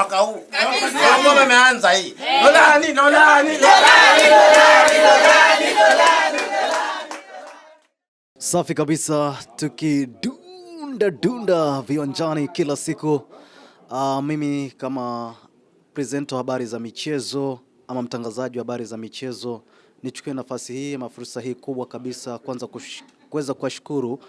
mwaka huu imeanza hii. Lolani, eh. lolani, lolani, lolani, lolani. Safi kabisa, tukidunda dunda viwanjani kila siku. Uh, mimi kama presento habari za michezo ama mtangazaji wa habari za michezo nichukue nafasi hii ama fursa hii kubwa kabisa kwanza kuweza kuwashukuru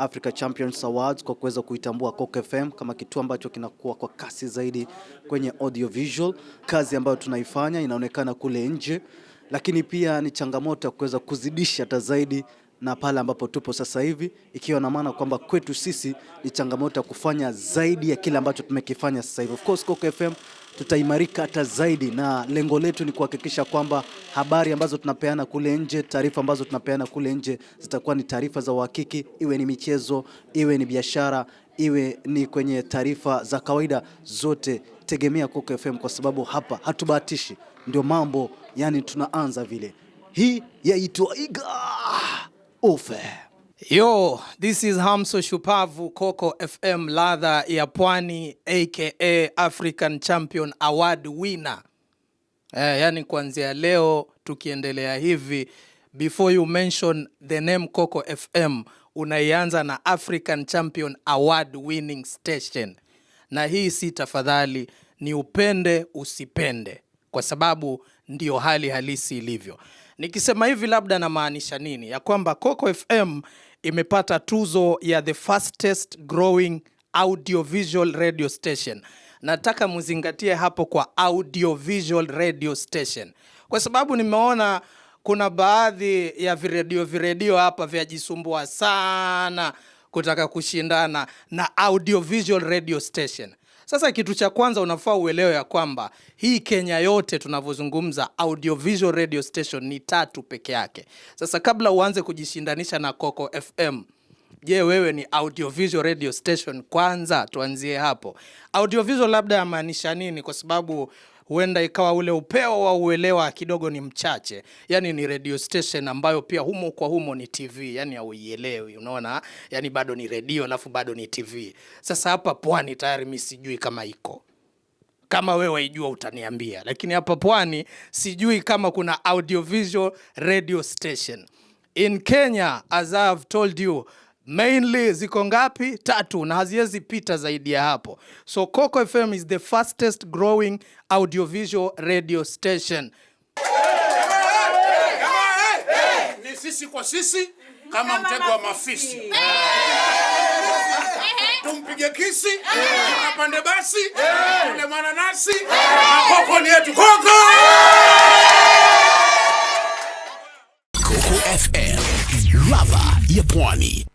Africa Champions Awards kwa kuweza kuitambua Coco FM kama kituo ambacho kinakuwa kwa kasi zaidi kwenye visual. Kazi ambayo tunaifanya inaonekana kule nje, lakini pia ni changamoto ya kuweza kuzidisha hata zaidi na pale ambapo tupo sasa hivi, ikiwa na maana kwamba kwetu sisi ni changamoto ya kufanya zaidi ya kile ambacho tumekifanya sasa hivi. Of course Coco FM tutaimarika hata zaidi, na lengo letu ni kuhakikisha kwamba habari ambazo tunapeana kule nje, taarifa ambazo tunapeana kule nje zitakuwa ni taarifa za uhakiki, iwe ni michezo, iwe ni biashara, iwe ni kwenye taarifa za kawaida zote. Tegemea Coco FM kwa sababu hapa hatubahatishi, ndio mambo yani tunaanza vile. Hii yaitwa iga ufe Yo, this is Hamso Shupavu Coco FM ladha ya Pwani aka African Champion Award winner. Eh, yani kuanzia leo tukiendelea hivi before you mention the name Coco FM unaianza na African Champion Award winning station. Na hii si tafadhali, ni upende usipende, kwa sababu ndiyo hali halisi ilivyo. Nikisema hivi labda namaanisha nini? Ya kwamba Coco FM imepata tuzo ya the fastest growing audiovisual radio station. Nataka muzingatie hapo kwa audiovisual radio station, kwa sababu nimeona kuna baadhi ya viredio viredio hapa vyajisumbua sana kutaka kushindana na audiovisual radio station. Sasa kitu cha kwanza unafaa uelewe ya kwamba hii Kenya yote tunavyozungumza audiovisual radio station ni tatu peke yake. Sasa kabla uanze kujishindanisha na Coco FM, je, wewe ni audiovisual radio station? Kwanza tuanzie hapo. Audiovisual labda yamaanisha nini? Kwa sababu huenda ikawa ule upeo wa uelewa kidogo ni mchache, yani ni radio station ambayo pia humo kwa humo ni TV, yani hauielewi, unaona, yani bado ni radio alafu bado ni TV. Sasa hapa pwani tayari mimi sijui kama iko kama wewe waijua utaniambia, lakini hapa pwani sijui kama kuna audiovisual radio station in Kenya as I have told you mainly ziko ngapi? Tatu, na haziwezi pita zaidi ya hapo. So Coco FM is the fastest growing audiovisual radio station. Ni sisi kwa sisi kama mtego wa mafisi. Tumpige kisi apande basi ule mwananasi na Coco ni yetu Coco. Coco FM, ladha ya pwani.